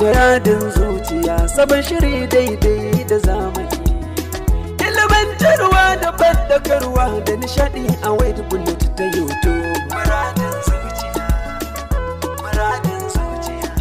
Muradin zuciya sabon shiri daidai da zamani. Ilimantarwa da bandakarwa da nishadi a wade bullet ta YouTube. Muradin zuciya, muradin zuciya.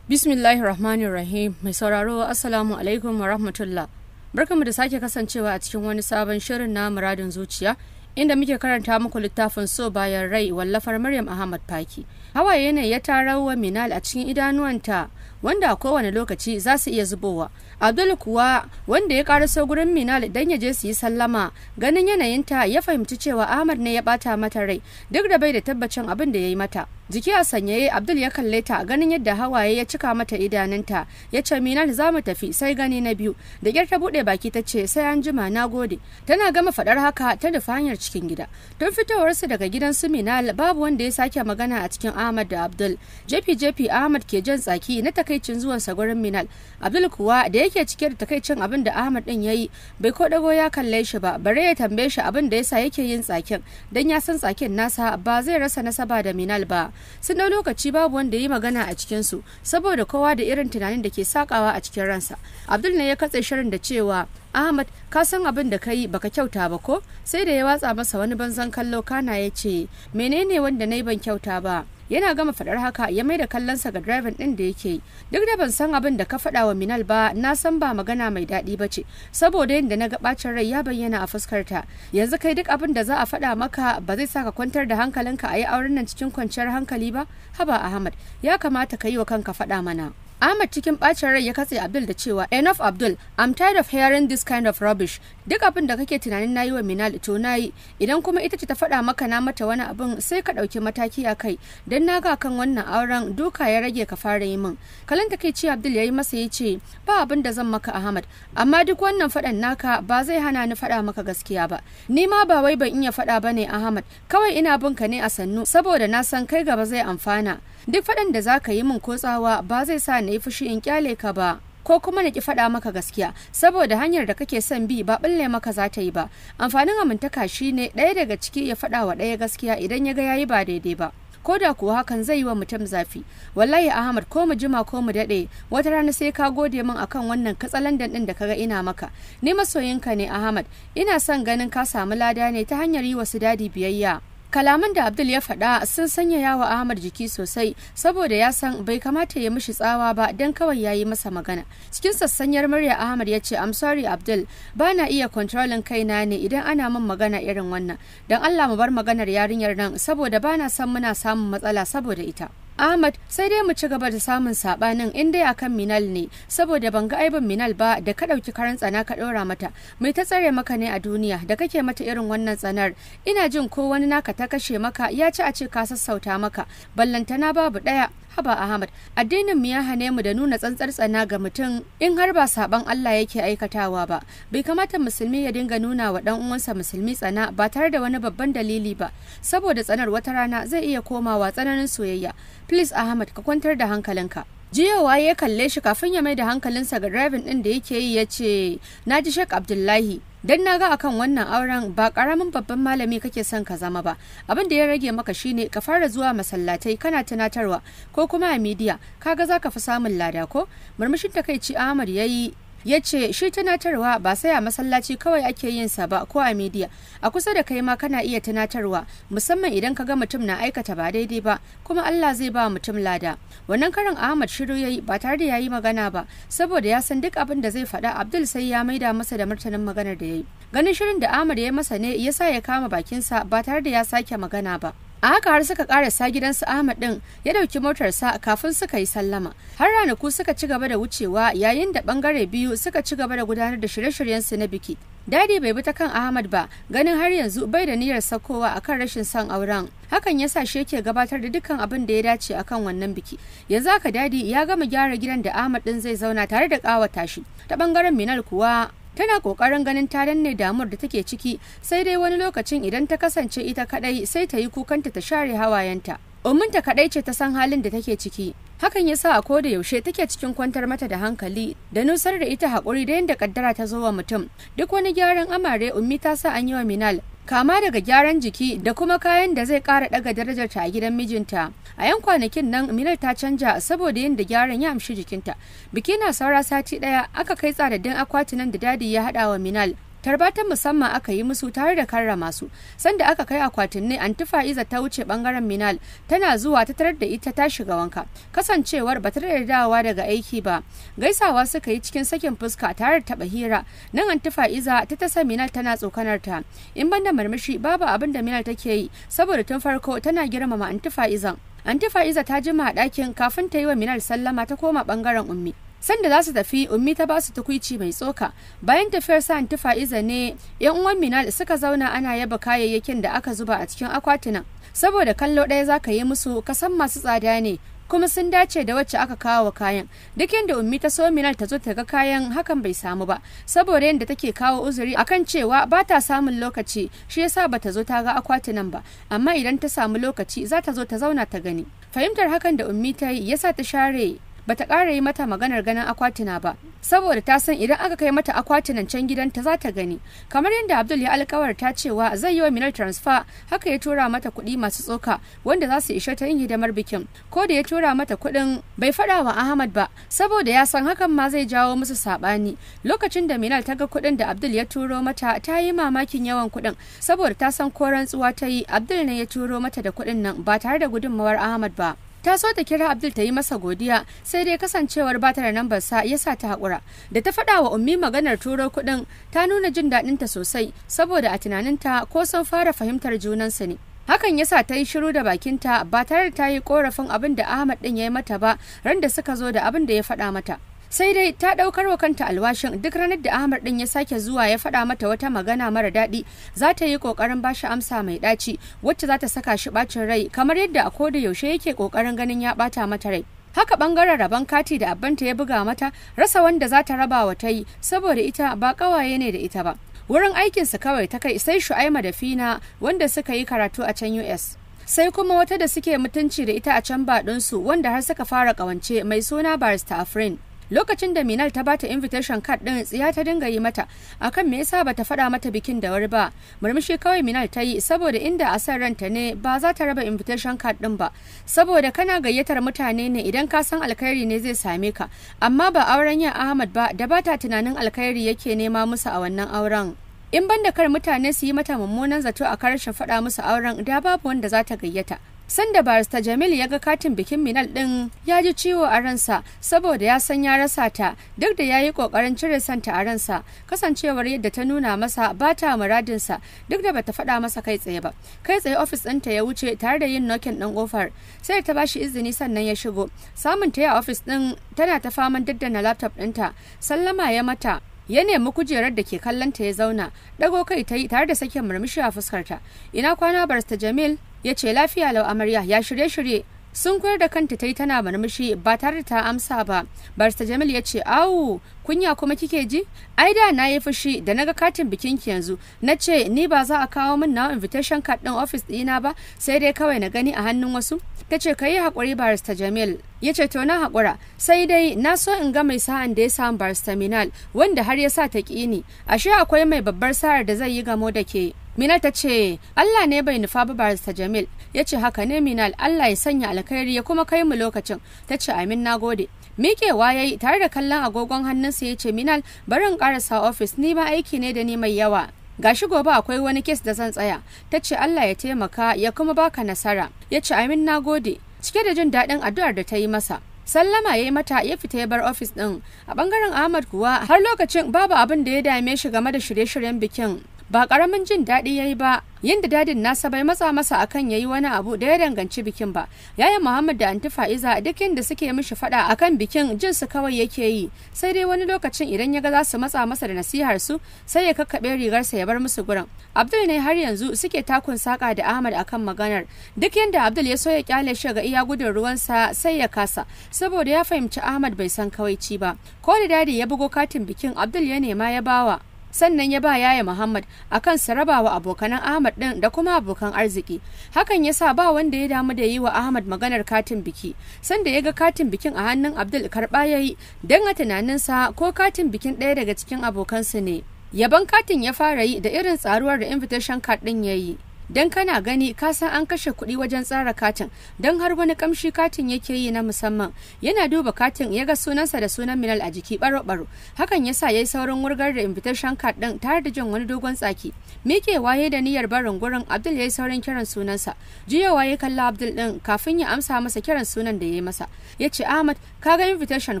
Bismillahirrahmanirrahim mai sauraro Assalamu alaikum wa rahmatullah. Barkanmu da sake kasancewa a cikin wani sabon shirin na muradin zuciya. inda muke karanta muku littafin so bayan rai wallafar Maryam Ahmad paki Hawaye ne ya wa Minal a cikin idanuwanta wanda a kowane lokaci za su iya zubowa. Abdul kuwa wanda ya karaso gurin Minal dan ya je su yi sallama ganin yanayinta ya fahimci cewa Ahmad ne ya bata mata rai duk da bai da tabbacin abin da ya yi mata. jiki a sanyaye abdul ya kalle ta ganin yadda hawaye ya cika mata idanunta ya ce minal za mu tafi sai gani na biyu da kyar ta bude baki ta ce sai an jima na gode tana gama fadar haka ta nufa hanyar cikin gida tun fitowarsu daga gidan su minal babu wanda ya sake magana a cikin ahmad da abdul jefi jefi ahmad ke jan tsaki na takaicin zuwan sa gurin minal abdul kuwa da yake cike da takaicin abin da ahmad din ya yi bai ko dago ya kalle shi ba bare ya tambaye shi abin da yasa yake yin tsakin dan ya san tsakin nasa ba zai rasa nasaba da minal ba sun dau lokaci babu wanda yi magana a cikin su saboda kowa da irin tunanin da ke sakawa a cikin ransa abdul ne ya katse shirin da cewa ahmad ka san abin da kai baka kyauta ba ko sai da ya watsa masa wani banzan kallo kana ya ce menene wanda na yi ban kyauta ba yana gama faɗar haka ya mai da kallonsa ga direban ɗin da yake yi duk da ban san abin da ka faɗa wa minal ba na san ba magana mai daɗi ba ce saboda yadda na ga ɓacin rai ya bayyana a fuskar ta, yanzu kai duk abin da za a faɗa maka ba zai sa ka kwantar da hankalinka a yi auren nan cikin kwanciyar hankali ba haba ahmad ya kamata ka yi wa kanka faɗa mana Ahmad cikin bacin rai ya katse Abdul da cewa enough Abdul I'm tired of hearing this kind of rubbish duk abin da kake tunanin nayi wa Minal to nayi idan kuma ita ce ta faɗa maka na mata wani abin sai ka ɗauki mataki a kai dan na ga kan wannan auren duka ya rage ka fara yi min kalan take ce Abdul yayi masa ya ce ba abin da zan maka Ahmad amma duk wannan faɗan naka ba zai hana ni faɗa maka gaskiya ba ni ma ba wai ban iya faɗa bane Ahmad kawai ina bin ne a sannu saboda na san kai gaba zai amfana duk faɗan da za ka yi min ko tsawa ba zai sa na yi fushi in kyale ka ba ko kuma na ki faɗa maka gaskiya saboda hanyar da kake son bi ba ɓalle maka za ta yi ba amfanin amintaka shi ne ɗaya daga ciki ya faɗa wa ɗaya gaskiya idan ya ga yayi ba daidai ba ko da kuwa hakan zai yi wa mutum zafi wallahi ahmad ko mu jima ko mu daɗe wata rana sai ka gode min akan wannan katsalandan ɗin da kaga ina maka ni masoyinka ne ahmad ina son ganin ka samu lada ne ta hanyar yi wasu dadi biyayya kalaman da abdul ya faɗa sun sanyaya wa ahmad jiki sosai saboda ya san bai kamata ya mishi tsawa ba don kawai ya yi masa magana cikin sassanyar murya ahmad ya ce amsori abdul ba na iya kontrolin kaina ne idan ana min magana irin wannan don allah mu bar maganar yarinyar nan saboda ba na san muna samun matsala saboda ita Ahmad sai dai mu ci gaba da samun sabanin in dai akan Minal ne saboda ban ga aibin Minal ba da ka dauki karan tsana ka ɗora mata mai ta tsare maka ne a duniya da kake mata irin wannan tsanar ina jin ko wani naka ta kashe maka ya ci a ce ka sassauta maka ballantana babu daya haba ahmad addinin mu ya hane mu da nuna tsantsar tsana ga mutum in har ba saban allah yake aikatawa ba bai kamata musulmi ya dinga nuna wa dan uwansa musulmi tsana ba tare da wani babban dalili ba saboda tsanar wata rana zai iya komawa tsananin soyayya please ahmad ka kwantar da hankalinka jiyowa ya kalle shi kafin ya mai da hankalinsa ga driving din da yake yi ya ce na ji shek abdullahi dan na ga akan wannan auren ba karamin babban malami kake son ka zama ba abin da ya rage maka shine ka fara zuwa masallatai kana tunatarwa ko kuma a midiya kaga zaka fi samun lada ko murmushin takaici Ahmad yayi ya ce shi tunatarwa ba sai a masallaci kawai ake yin sa ba ko a media a kusa da kai ma kana iya tunatarwa musamman idan ka ga mutum na aikata ba daidai ba kuma Allah zai ba mutum lada wannan karin Ahmad shiru yayi ba tare da yayi magana ba saboda ya san duk abin da zai faɗa Abdul sai ya maida masa da martanin maganar da yayi ganin shirin da Ahmad ya masa ne yasa ya kama bakin sa, ba tare da ya sake magana ba a haka har suka karasa gidansu ahmad din ya dauki motarsa kafin suka yi sallama har ranaku suka ci gaba da wucewa yayin da bangare biyu suka ci gaba da gudanar da shirye-shiryensu na biki dadi bai bi ta kan ahmad ba ganin har yanzu bai da niyyar sakowa akan rashin son auren hakan yasa shi yake gabatar da dukkan abin da ya dace akan wannan biki yanzu haka dadi ya gama gyara gidan da ahmad din zai zauna tare da kawata shi ta bangaren minal kuwa tana kokarin ganin ta danne damuwar da take ciki sai dai wani lokacin idan ta kasance ita kadai sai ta yi kukanta ta share hawayenta umminta kadai ce ta san halin da take ciki hakan yasa a koda yaushe take cikin kwantar mata da hankali da nusar da ita hakuri da yadda kaddara ta zo wa mutum duk wani gyaran amare ummi ta sa an yi wa minal kama daga gyaran jiki da kuma kayan da zai kara daga darajar ta a gidan mijinta a yan kwanakin nan minal ta canja saboda yadda gyaran ya amshi jikinta biki na saura sati daya aka kai tsadadin akwatinan da dadi ya hada wa minal tarbatan musamman aka yi musu tare da karrama su sanda aka kai akwatin ne antifa'iza ta wuce bangaren minal tana zuwa ta tarar da ita ta shiga wanka kasancewar ba ta dawa daga aiki ba gaisawa suka yi cikin sakin fuska tare da taba hira nan antifa'iza ta tasa minal tana tsokanar ta in banda murmushi babu abin da minal take yi saboda tun farko tana girmama antifa'izan antifaiza ta jima a ɗakin kafin ta yi wa Minal sallama ta koma ɓangaren ummi. sanda za su tafi ummi ta ba su tukuici mai tsoka bayan tafiyar sa'an tufa iza ne yan uwan minal suka zauna ana yaba kayayyakin da aka zuba a cikin akwatunan saboda kallo ɗaya za ka yi musu kasan masu tsada ne kuma sun dace da wacce aka kawo wa kayan duk yadda ummi ta so minal ta zo ta ga kayan hakan bai samu ba saboda yadda take kawo uzuri a kan cewa ba ta samun lokaci shi yasa ba ta zo ta ga akwatunan ba amma idan ta samu lokaci za ta zo ta zauna ta gani fahimtar hakan da ummi ta yi yasa ta share bata ƙara yi mata maganar ganin akwatuna ba saboda ta san idan aka kai mata akwatunan can gidanta za ta gani kamar yadda abdul ya alkawarta cewa zai yi wa minar transfer haka ya tura mata kuɗi masu tsoka wanda za su ishe ta yin hidimar bikin ko da ya tura mata kuɗin bai faɗa wa ahmad ba saboda ya san hakan ma zai jawo musu saɓani lokacin da minal ta ga kuɗin da abdul ya turo mata ta yi mamakin yawan kuɗin saboda ta san ko rantsuwa ta yi abdul ne ya turo mata da kuɗin nan ba tare da gudunmawar ahmad ba ta so ta kira abdul ta yi masa godiya sai dai kasancewar ba ta da nambar sa ya sa ta haƙura da ta faɗa wa ummi maganar turo kuɗin ta nuna jin daɗinta sosai saboda a tunaninta ko sun fara fahimtar junansu ne hakan ya sa ta yi shiru da bakinta ba tare da ta yi korafin abin da ahmad ɗin ya yi mata ba ran da suka zo da abin da ya faɗa mata sai dai ta daukar wa kanta alwashin duk ranar da ahmad din ya sake zuwa ya fada mata wata magana mara dadi za ta yi kokarin ba shi amsa mai daci wacce za ta saka shi bacin rai kamar yadda a koda yaushe yake kokarin ganin ya bata mata rai haka bangaren rabon kati da abanta ya buga mata rasa wanda za ta raba wa ta yi saboda ita ba kawaye ne da ita ba wurin su kawai ta kai sai shu'aima da fina wanda suka yi karatu a can us sai kuma wata da suke mutunci da ita a can ba baɗinsu wanda har suka fara kawance mai suna barista afrin lokacin da minal ta bata invitation card din tsiya ta dinga yi mata akan me yasa bata faɗa mata bikin da wuri ba murmushi kawai minal ta yi saboda inda a san ranta ne ba za ta raba invitation card din ba saboda kana gayyatar mutane ne idan ka san alkhairi ne zai same ka amma ba auren yin ahmad ba da bata tunanin alkhairi yake nema musu a wannan auren in banda kar mutane su yi mata mummunan zato a karshen faɗa musu auren da babu wanda za ta gayyata sanda barista jamil ya ga katin bikin minal ɗin ya ji ciwo a ransa saboda ya san ya rasa ta duk da ya yi kokarin cire santa a ransa kasancewar yadda ta nuna masa ba ta muradinsa duk da bata faɗa masa kai tsaye ba kai tsaye ofis ɗinta ya wuce tare da yin nokin ɗin ƙofar sai ta bashi izini sannan ya shigo samun ta ya ofis ɗin tana ta faman daddana laptop ɗinta sallama ya mata ya nemi kujerar da ke kallonta ya zauna dago kai ta yi tare da sakin murmushi a fuskarta ina kwana barista jamil ya ce lafiya lau amarya ya shirye shirye sun koyar da kanta ta yi tana murmushi ba tare da ta amsa ba barista jamil ya ce awu kunya kuma kike ji ai da na yi fushi da naga katin bikin ki yanzu na ce ni ba za a kawo min na invitation card din office dina ba sai dai kawai na gani a hannun wasu ta ce ka yi haƙuri barista jamil ya ce to na haƙura sai dai na so in ga mai sa'an da ya samu barista minal wanda har ya sa ta ƙi ni ashe akwai mai babbar sa'ar da zai yi gamo da ke Minal ta ce, Allah ne bai nufa ba barista Jamil, ya ce haka ne Minal, Allah ya sanya alkhairi ya kuma kai mu lokacin, ta ce amin na gode. Mikewa ya yi tare da kallon agogon hannunsa ya ce Minal, barin karasa ofis ni ma aiki ne da ni mai yawa. gashi gobe akwai wani kes da zan tsaya ta ce Allah ya taimaka ya kuma baka nasara ya ce amin na gode cike da jin daɗin addu'ar da ta yi masa sallama ya yi mata ya fita ya bar ofis ɗin a ɓangaren ahmad kuwa har lokacin babu abin da ya dame shi game da shirye-shiryen bikin ba karamin jin daɗi ya yi ba yadda dadin nasa bai matsa masa akan ya yi wani abu da ya danganci bikin ba yayin muhammad da anti fa'iza duk inda suke mishi faɗa akan bikin jin su kawai yake yi sai dai wani lokacin idan ya ga za su matsa masa da nasihar su sai ya kakkaɓe rigarsa ya bar musu gurin abdul ne har yanzu suke takun saka da ahmad akan maganar duk yadda abdul ya so ya kyale shi ga iya gudun ruwansa sai ya kasa saboda ya fahimci ahmad bai san kawai ci ba ko da dadi ya bugo katin bikin abdul ya nema ya bawa sannan ya ba yaya Muhammad akan su rabawa abokan Ahmad din da kuma abokan arziki hakan ya sa ba wanda ya damu da yi wa Ahmad maganar katin biki sanda ya ga katin bikin a hannun Abdul karba yayi dan a tunaninsa ko katin bikin ɗaya daga cikin abokansa ne yaban katin ya fara yi da irin tsaruwar da invitation card din yayi don kana gani ka san an kashe kuɗi wajen tsara katin don har wani kamshi katin yake yi na musamman yana duba katin ya ga sunansa da sunan minal a jiki baro-baro hakan ya sa ya yi saurin wurgar da invitation card ɗin tare da jin wani dogon tsaki mike waye da niyyar barin gurin abdul ya yi saurin kiran sunansa Jiya waye kalla abdul ɗin kafin ya amsa masa kiran sunan da ya yi masa ya ce ahmad ka ga invitation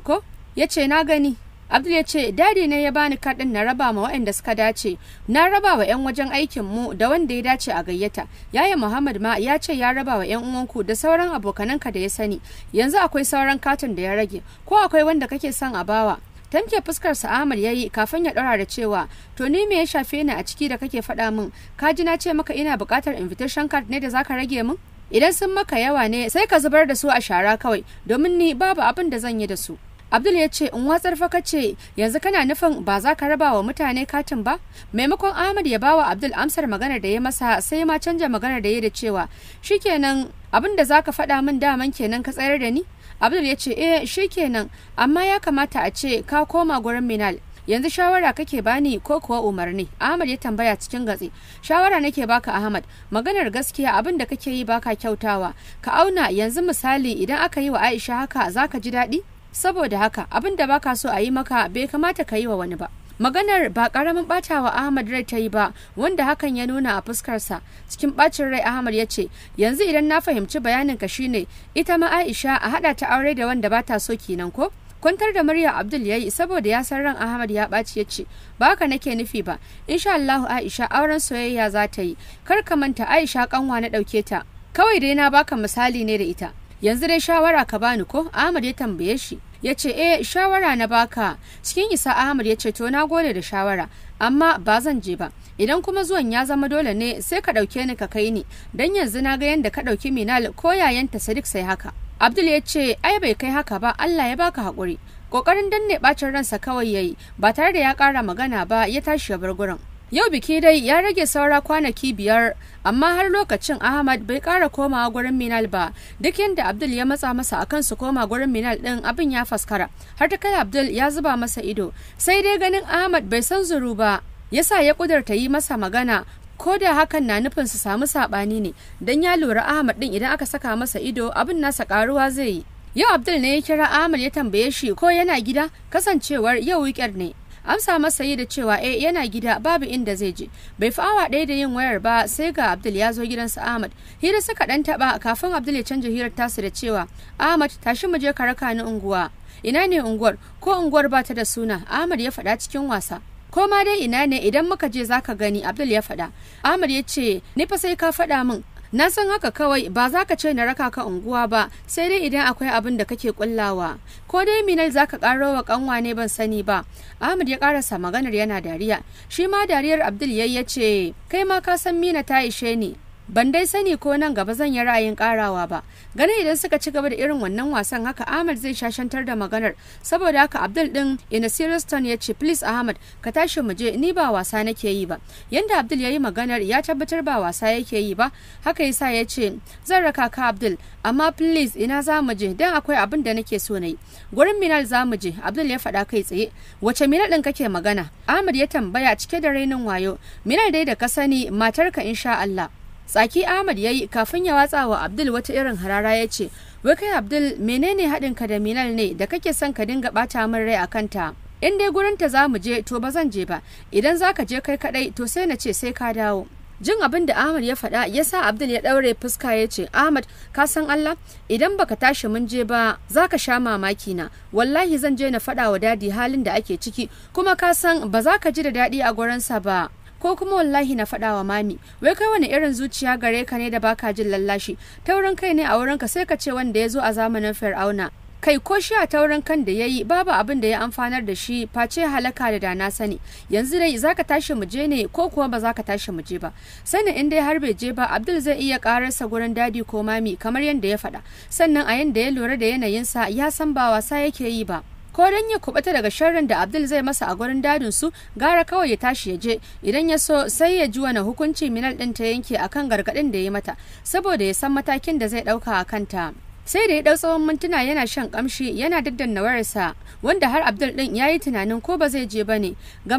ko ya ce na gani Abdul ya ce dadi ne ya bani kaɗin na raba ma waɗanda suka dace na raba wa 'yan wajen aikin mu da wanda ya dace a gayyata yaya Muhammad ma ya ce ya raba wa 'yan uwanku da sauran abokananka da ya sani yanzu akwai sauran katin da ya rage ko akwai wanda kake son a bawa tamke fuskar sa Ahmad yayi kafin ya ɗora da cewa to ni me ya shafe ni a ciki da kake faɗa min ka ji na ce maka ina buƙatar invitation card ne da zaka rage min idan sun maka yawa ne sai ka zubar da su a shara kawai domin ni babu abin da zan yi da su abdul ya ce in watsar fa ce yanzu kana nufin ba za ka raba wa mutane katin ba maimakon ahmad ya bawa abdul amsar maganar da ya masa sai ma canja maganar da ya da cewa shikenan abin da za ka faɗa min daman kenan ka tsayar da ni abdul ya ce eh shikenan amma ya kamata a ce ka koma gurin minal yanzu shawara kake bani ko kuwa umarni ahmad ya tambaya cikin gatsi shawara nake baka ahmad maganar gaskiya abin da kake yi baka kyautawa ka auna yanzu misali idan aka yi wa aisha haka zaka ji daɗi saboda haka abin da baka so a yi maka bai kamata ka yi wa wani ba maganar ba karamin wa ahmad rai ta yi ba wanda hakan ya nuna a fuskarsa cikin bacin rai ahmad ya ce yanzu idan na fahimci bayanin ka shine ita ma aisha a hada ta aure da wanda bata so kenan ko kwantar da murya abdul ya yi saboda ya san ran ahmad ya baci ya ce ba haka nake nufi ba insha allahu aisha auren soyayya za ta yi kar ka manta aisha kanwa na ɗauke ta kawai dai na baka misali ne da ita yanzu dai shawara ka bani ko ahmad ya tambaye shi ya ce eh shawara na baka cikin isa ahmad ya ce to na gode da shawara amma ba zan je ba idan kuma zuwan ya zama dole ne sai ka ɗauke ni ka kai ni dan yanzu na ga yadda ka ɗauki minal ko yayan ta sadiq sai haka abdul ya ce ai bai kai haka ba allah ya baka hakuri ƙoƙarin danne ɓacin ransa kawai yayi ba tare da ya kara magana ba ya tashi ya bar gurin Yau biki dai ya rage saura kwanaki biyar, amma har lokacin Ahmad bai ƙara komawa gurin Minal ba, duk yadda Abdul ya matsa masa akan su koma gurin Minal ɗin abin ya faskara, har ta kai Abdul ya zuba masa ido, sai dai ganin Ahmad bai san zuru ba, yasa ya ƙudurta yi masa magana ko da hakan na nufin su samu saɓani ne, dan ya lura Ahmad ɗin idan aka saka masa ido abin nasa ƙaruwa zai yi. Yau Abdul ne ya kira Ahmad ya tambaye shi ko yana gida kasancewar yau wikar ne. amsa masa yi da cewa eh yana gida babu inda zai je bai fi awa ɗaya da yin wayar ba sai ga abdul ya zo gidansa ahmad hira suka ɗan taɓa kafin abdul ya canja hirar tasu da cewa ahmad tashi mu je ka raka ni unguwa ina ne unguwar ko unguwar ba ta da suna ahmad ya faɗa cikin wasa ko ma dai ina ne idan muka je zaka gani abdul ya faɗa ahmad ya ce ni fa sai ka faɗa min na san haka kawai ba za ka ce na raka ka unguwa ba sai dai idan akwai abin da kake kullawa ko dai minal za ka karo wa kanwa ne ban sani ba ahmad ya karasa maganar yana dariya shi ma dariyar abdul yayi ya ce kai ma ka san mina ta ishe ni ban dai sani ko nan gaba zan yi ra'ayin karawa ba ganin idan suka ci gaba da irin wannan wasan haka ahmad zai shashantar da maganar saboda haka abdul din ina stone ya ce please ahmad ka tashi mu je ni ba wasa nake yi ba yanda abdul ya yi maganar ya tabbatar ba wasa yake yi ba haka yasa ya ce zan raka ka abdul amma please ina za mu je dan akwai abin da nake so na yi gurin minal za mu je abdul ya faɗa kai tsaye wace minal din kake magana ahmad ya tambaya cike da rainin wayo minal dai da ka sani matarka insha allah tsaki ahmad ya yi kafin ya watsa wa abdul wata irin harara ya ce wai kai abdul menene haɗin ka da minal ne da kake son ka dinga ɓata min rai a kanta in dai gurin ta za mu je to ba zan je ba idan za ka je kai kaɗai to sai na ce sai ka dawo jin abin da ahmad ya faɗa ya sa abdul ya ɗaure fuska ya ce ahmad ka san allah idan baka tashi mun je ba za ka sha mamaki na wallahi zan je na faɗa wa dadi halin da ake ciki kuma ka san ba za ka ji da daɗi a gurinsa ba ko kuma wallahi na faɗa wa mami wai kai wani irin zuciya gare ka ne da baka jin lallashi taurin kai ne a wurinka sai ka ce wanda ya zo a zamanin fir'auna kai ko shi a taurin kan da ya yi babu abin da ya amfanar da shi face halaka da dana sani yanzu dai za ka tashi mu je ne ko kuwa ba za ka tashi mu je ba sanin in dai har bai je ba abdul zai iya kararsa gurin dadi ko mami kamar yadda ya faɗa sannan a yanda ya lura da yanayinsa ya san ba wasa yake yi ba ko don ya kubata daga sharrin da abdul zai masa a gurin dadin su gara kawai ya tashi ya je idan ya so sai ya ji wani hukunci minal din ta yanke akan gargadin da ya mata saboda ya san matakin da zai dauka a kanta sai da ya dau tsawon mintuna yana shan kamshi yana daddanna wayarsa wanda har abdul din ya yi tunanin ko ba zai je ba ne ga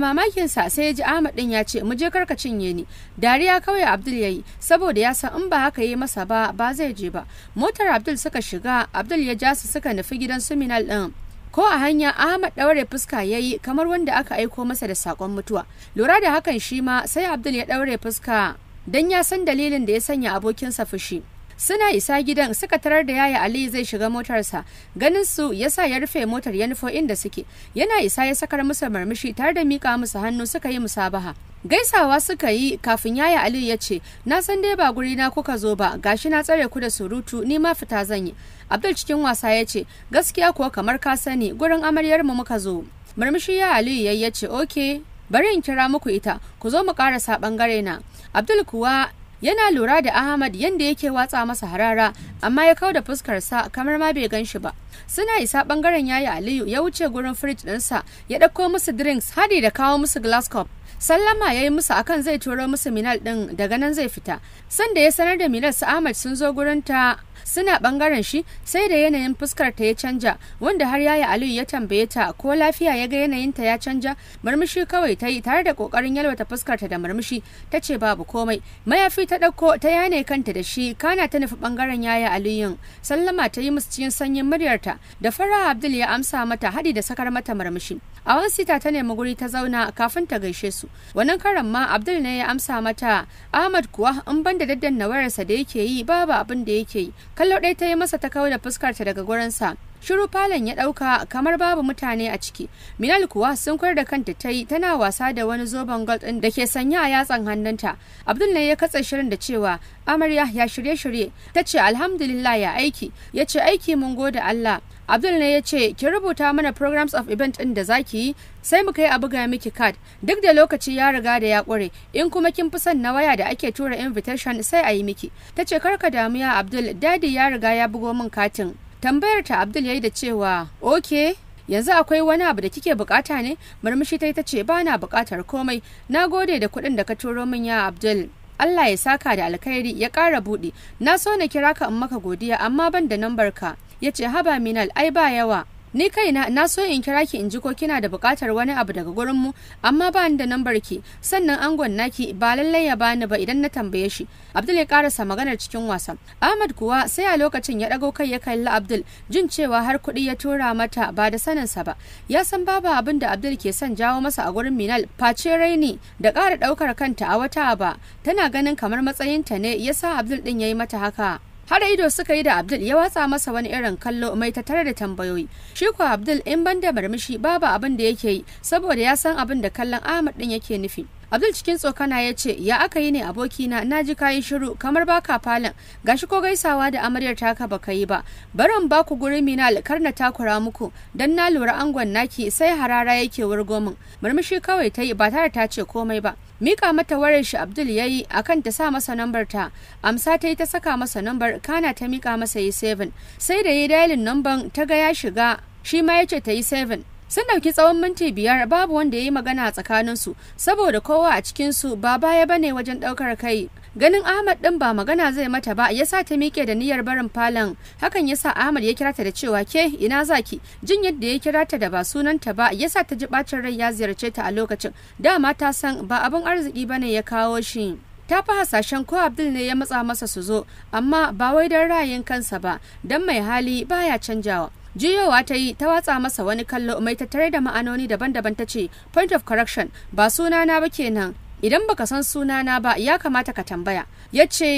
sa sai ya ji ahmad din ya ce mu je karka cinye ni dariya kawai abdul ya yi saboda ya san in ba haka ya yi masa ba ba zai je ba motar abdul suka shiga abdul ya ja su suka nufi gidan suminal din ko a hanya ahmad ɗaure fuska ya yi kamar wanda aka aiko masa da saƙon mutuwa lura da hakan shi ma sai abdul ya ɗaure fuska don ya san dalilin da ya sanya abokinsa fushi suna isa gidan suka tarar da yaya ali zai shiga motarsa ganin su yasa ya rufe motar ya nufo inda suke yana isa ya sakar musu marmishi tare da mika musu hannu suka yi musabaha gaisawa suka yi kafin yaya ali ya ce na san dai ba guri na kuka zo ba gashi na tsare ku da surutu ni ma fita zan yi abdul cikin wasa ya ce gaskiya kuwa kamar ka sani gurin amaryar mu muka zo marmishi ya ali ya ce oke bari in kira muku ita ku zo mu karasa bangare na abdul kuwa yana lura da ahmad yadda yake watsa masa harara amma ya kau da fuskarsa kamar ma bai ganshi ba suna isa bangaren yayi aliyu ya wuce gurin firij ɗinsa ya ɗauko musu drinks hadi da kawo musu glass cup sallama ya yi musu akan zai turo musu minal ɗin daga nan zai fita sanda ya sanar da minal su ahmad sun zo gurinta. suna bangaren shi sai da yanayin fuskar ta ya canja wanda har yaya aliyu ya tambaye ta ko lafiya ya ga yanayin ta ya canja murmushi kawai ta yi tare da kokarin yalwata fuskar ta da murmushi ta ce babu komai mayafi ta dauko ta yane kanta da shi kana ta nufi bangaren yaya aliyun sallama ta yi musu cikin sanyin muryarta da fara abdul ya amsa mata hadi da sakar mata murmushi a wani sita ta nemi guri ta zauna kafin ta gaishe su wannan karan ma abdul ne ya amsa mata ahmad kuwa in banda da daddan wayarsa da yake yi babu abin da yake yi kallo ɗaya ta yi masa ta kawo da ta daga gurinsa shiru falon ya ɗauka kamar babu mutane a ciki minal kuwa sun kwar da kanta ta yi tana wasa da wani zoben gold ɗin da ke sanya a yatsan hannunta abdullahi ya katse shirin da cewa amarya ya shirye-shirye ta ce alhamdulillah ya aiki ya ce aiki mun gode allah Abdul ne ya ce ki rubuta mana programs of event ɗin da zaki yi sai mu kai a buga miki card duk da lokaci ya riga da ya kure in kuma kin fi son na waya da ake tura invitation sai a yi miki ta ce karka damu ya Abdul dadi ya riga ya bugo min katin tambayar ta Abdul yi da cewa okay yanzu akwai wani abu da kike bukata ne murmushi ta ce ba na bukatar komai na gode da kuɗin da ka turo min ya Abdul Allah ya saka da alkhairi ya ƙara buɗe na so na kira ka in maka godiya amma ban da nambar ka ya ce haba minal ai ba yawa ni kai na so in kira ki in ji ko kina da buƙatar wani abu daga gurin mu amma ba ni da lambar ki sannan angon naki ba lallai ya bani ba idan na tambaye shi Abdul ya karasa maganar cikin wasa Ahmad kuwa sai a lokacin ya dago kai ya kalli Abdul jin cewa har kuɗi ya tura mata ba da sanin sa ba ya san babu abin da Abdul ke son jawo masa a gurin Minal face raini da ƙara ɗaukar kanta a wata ba tana ganin kamar matsayinta ne yasa Abdul ɗin ya yi mata haka har ido suka yi da abdul ya watsa masa wani irin kallo mai ta tare da tambayoyi shi ko abdul in ban da marmishi babu abin da yake yi saboda ya san abin da kallon ahmad din yake nufi abdul cikin tsokana ya ce ya aka yi ne abokina na ji kayi shiru kamar baka falon gashi ko gaisawa da amaryar taka baka yi ba ba baku guri mina alkar na takura muku dan na lura angon naki sai harara yake wurgo min murmushi kawai ta yi ba tare ta ce komai ba mika mata wayar shi abdul ya yi a ta sa masa nambar ta amsa ta yi ta saka masa nambar kana ta mika masa yi 7 sai da ya yi dalin namban ta ga ya shiga shi ma ya ce ta yi 7 sun ɗauki tsawon minti biyar babu wanda ya yi magana tsakaninsu saboda kowa a cikinsu ba baya bane wajen ɗaukar kai ganin ahmad din ba magana zai mata ba ya sa ta miƙe da niyyar barin falon hakan ya sa ahmad ya kira ta da cewa ke ina zaki jin yadda ya kira ta da ba sunanta ba ya sa ta ji bacin rai ya ziyarce ta a lokacin dama ta san ba abin arziki bane ya kawo shi ta fi hasashen ko abdul ne ya matsa masa su zo amma ba wai don ra'ayin kansa ba don mai hali baya canjawa Jiyowa ta yi ta watsa masa wani kallo mai tattare da ma'anoni daban-daban ta ce point of correction ba sunana ba kenan idan baka san suna na ba ya kamata ka tambaya ya ce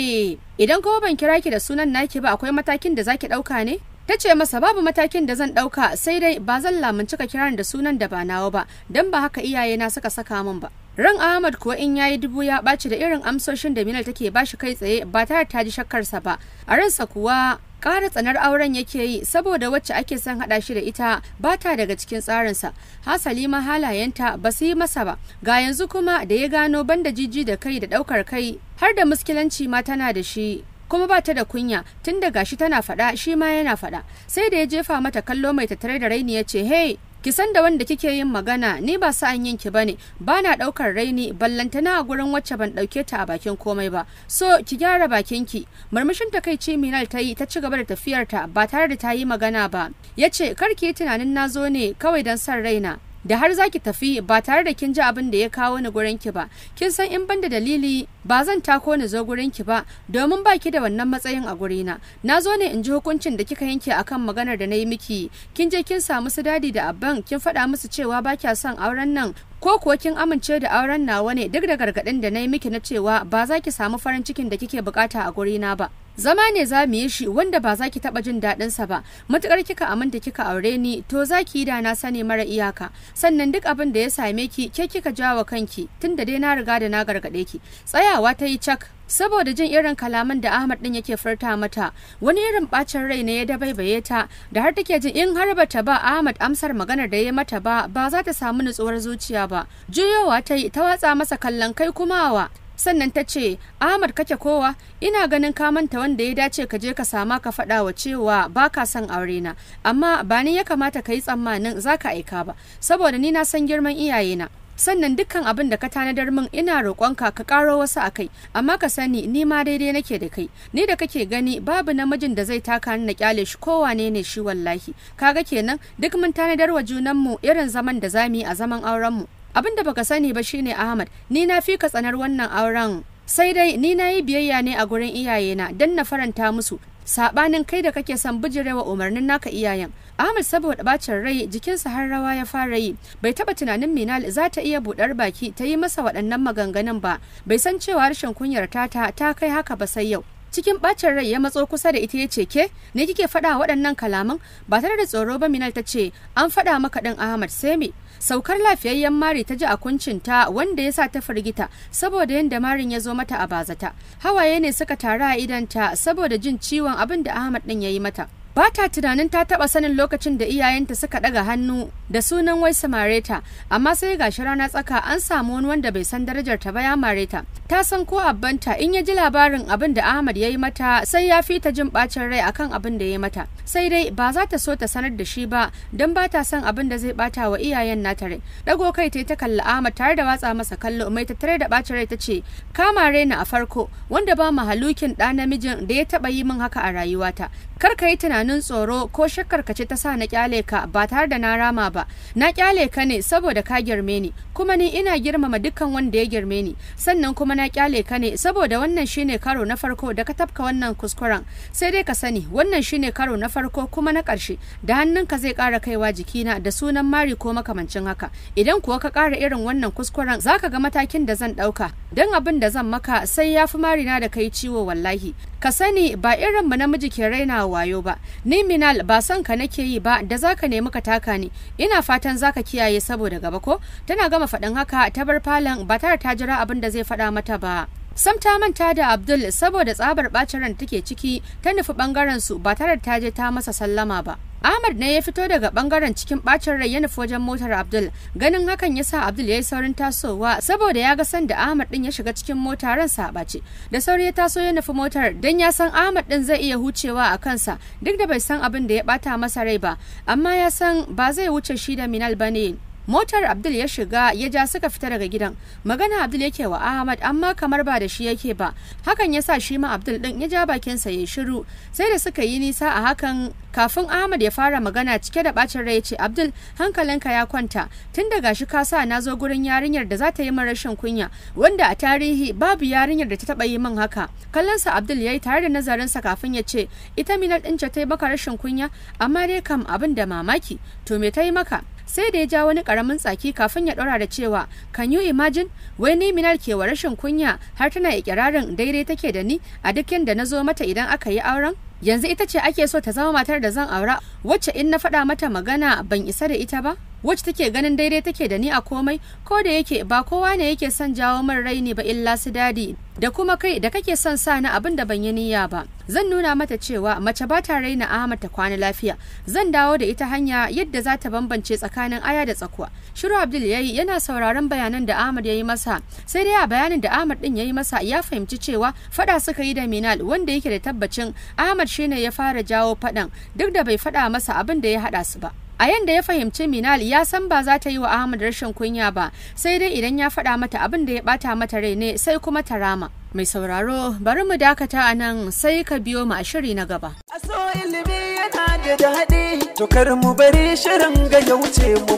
idan kuma ban kira ki da sunan naki ba akwai matakin da zaki ɗauka ne ta ce masa babu matakin da zan ɗauka sai dai ba zan lamunci ka kiran da sunan da ba nawa ba don ba haka iyayena suka saka min ba ran ahmad kuwa in ya yi dubu ya ɓaci da irin amsoshin da minal take bashi kai tsaye ba tare ta ji shakkarsa ba a ransa kuwa ƙara tsanar auren yake yi saboda wacce ake son haɗa shi da ita ba ta daga cikin tsarinsa hasali ma halayenta ba su yi masa ba ga yanzu kuma da ya gano banda jiji da kai da ɗaukar kai har da muskilanci ma tana da shi kuma ba ta da kunya tun da gashi tana faɗa shi ma yana faɗa sai da ya jefa mata kallo mai tattare da raini ya ce hey ki san da wanda kike yin magana ni ba sa'an yin ki bane ba na daukar raini na a gurin wacce ban dauke ta a bakin komai ba so ki gyara bakin ki murmushin takaici Minal ta yi ta ci gaba da tafiyar ta ba tare da ta yi magana ba yace kar ki yi tunanin na zo ne kawai dan san raina da har za ki tafi ba tare da kin ji abin da ya kawo ni gurin ki ba kin san in ban da dalili ba zan tako ni zo gurin ki ba domin ba ki da wannan matsayin a gurina na zo ne in ji hukuncin da kika yanke akan maganar da na yi miki kin je kin samu su dadi da abban kin faɗa musu cewa ba kya son auren nan ko kuwa kin amince da auren nawa ne duk da gargaɗin da na yi miki na cewa ba za ki samu farin cikin da kike bukata a gurina ba zama ne za mu yi shi wanda ba za ki taɓa jin daɗinsa sa ba matukar kika aminta kika aure ni to za ki yi da na sani mara iyaka sannan duk abin da ya same ki ke kika wa kanki tunda dai na riga da na gargaɗe ki tsayawa ta yi cak saboda jin irin kalaman da Ahmad din yake furta mata wani irin bacin rai ne ya dabaibaye ta da har take jin in har bata ba Ahmad amsar maganar da ya mata ba ba za ta samu nutsuwar zuciya ba juyowa ta yi ta watsa masa kallon kai kumawa sannan ta ce ahmad kake kowa ina ganin ka manta wanda ya dace ka je ka sama ka faɗa wa cewa ba ka son aure na amma ba ni ya kamata ka yi tsammanin za ka aika ba saboda ni na san girman iyayena sannan dukkan abin da ka tanadar min ina roƙonka ka karo wasu a kai amma ka sani ni ma daidai nake da kai ni da kake gani babu namijin da zai taka ni na kyale shi wane ne shi wallahi kaga kenan duk mun tanadar wa junanmu irin zaman da zamu yi a zaman aurenmu abin da baka sani ba shine ahmad ni na fi ka tsanar wannan auren sai dai ni na yi biyayya ne a gurin iyayena dan na faranta musu sabanin kai da kake son bijirewa umarnin naka iyayen ahmad saboda bacin rai jikinsa har rawa ya fara yi bai taba tunanin minal za ta iya budar baki ta yi masa waɗannan maganganun ba bai san cewa rashin kunyar tata ta kai haka ba sai yau cikin bacin rai ya matso kusa da ita ya ce ke ne kike faɗa waɗannan kalaman ba tare da tsoro ba minal ta ce an faɗa maka ɗin ahmad sai me saukar lafiyayyen mari ta ji a kuncinta wanda ya sa ta firgita saboda yadda marin ya zo mata a bazata hawaye ne suka taru a idanta saboda jin ciwon abin da ahmad din ya yi mata ba ta tunanin ta taba sanin lokacin da iyayenta suka daga hannu da sunan wai samareta amma sai gashi rana tsaka an samu wani wanda bai san darajar ta ba ya mareta ta san ko abbanta in ya ji labarin abin da Ahmad ya yi mata sai ya fi ta jin bacin rai akan abin da ya yi mata sai dai ba za ta so ta sanar da shi ba don ba ta son abin da zai bata wa iyayen nata rai dago kai ta ta kalli Ahmad tare da watsa masa kallo mai ta tare da bacin rai ta ce ka mare ni a farko wanda ba mahalukin ɗa namijin da ya taba yi min haka a rayuwata kar ka yi tunanin tsoro ko shakkar ka ce ta sa na kyale ka ba tare da na rama ba na kyale ka ne saboda ka girme ni kuma ni ina girmama dukkan wanda ya girme ni sannan kuma na kyale ka ne saboda wannan shine karo na farko da ka tafka wannan kuskuren sai dai ka sani wannan shine karo na farko kuma na ƙarshe da hannun ka zai ƙara kaiwa jikina da sunan mari ko makamancin haka idan kuwa ka ƙara irin wannan kuskuren za ka ga matakin da zan ɗauka don abin da zan maka sai ya fi marina da kai ciwo wallahi ka sani ba irin mu namiji ke raina wayo ba ni minal ba son ka nake yi ba da zaka nemi ka taka ni ina fatan zaka kiyaye saboda gaba ko tana gama faɗin haka ta bar falon ba tare ta jira abin da zai faɗa mata ba sam ta manta da abdul saboda tsabar bacin ran take ciki ta nufi bangaren su ba tare ta je ta masa sallama ba Ahmad ne ya fito daga bangaren cikin bacin rai ya nufi wajen motar Abdul. Ganin hakan ya sa Abdul ya yi saurin tasowa saboda ya ga san da Ahmad din ya shiga cikin mota ran sa bace. Da sauri ya taso ya nufi motar dan ya san Ahmad din zai iya hucewa a kansa duk da bai san abin da ya bata masa rai ba. Amma ya san ba zai wuce shi da Minal bane motar abdul ya shiga ya ja suka fita daga gidan magana abdul yake wa ahmad amma kamar ba da shi yake ba hakan ya sa shi ma abdul din ya ja bakinsa ya shiru sai da suka yi nisa a hakan kafin ahmad ya fara magana cike da bacin rai ce abdul hankalinka ya kwanta tun daga shi ka sa na zo gurin yarinyar da za ta yi min rashin kunya wanda a tarihi babu yarinyar da ta taba yi min haka Kallon sa abdul ya yi tare da nazarinsa kafin ya ce ita minar ɗin ta yi maka rashin kunya amma dai kam abin da mamaki to me ta yi maka sai da ya ja wani karamin tsaki kafin ya ɗora da cewa can you imagine wai ni minal kewa rashin kunya har tana ikirarin daidai take da ni a duk da na zo mata idan aka yi auren yanzu ita ce ake so ta zama matar da zan aura wacce in na faɗa mata magana ban isa da ita ba wacce take ganin daidai take da ni a komai ko da yake ba kowa ne yake son jawo min raini ba illa su dadi da kuma kai da kake son sa ni abin da ban yi niyya ba zan nuna mata cewa mace ba ta raina Ahmad ta kwana lafiya zan dawo da ita hanya yadda za ta bambance tsakanin aya da tsakuwa Shiru Abdul yayi yana sauraron bayanan da Ahmad ya yi masa sai dai a bayanin da Ahmad din yayi masa ya fahimci cewa fada suka yi da Minal wanda yake da tabbacin Ahmad Ahmad shine ya fara jawo faɗan duk da bai faɗa masa abin da ya haɗa su ba. A yanda ya fahimci Minal ya san ba za ta yi wa Ahmad rashin kunya ba, sai dai idan ya faɗa mata abin da ya bata mata rai ne sai kuma ta rama. Mai sauraro, bari mu dakata a nan sai ka biyo mu a shiri na gaba. Aso yana da daɗi, to mu bari shirin ga wuce mu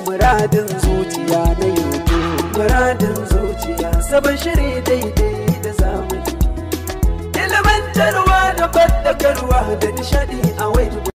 muradin sabon shiri daidai da zamani. ilimantarwa da fadakarwa da nishadi a waidu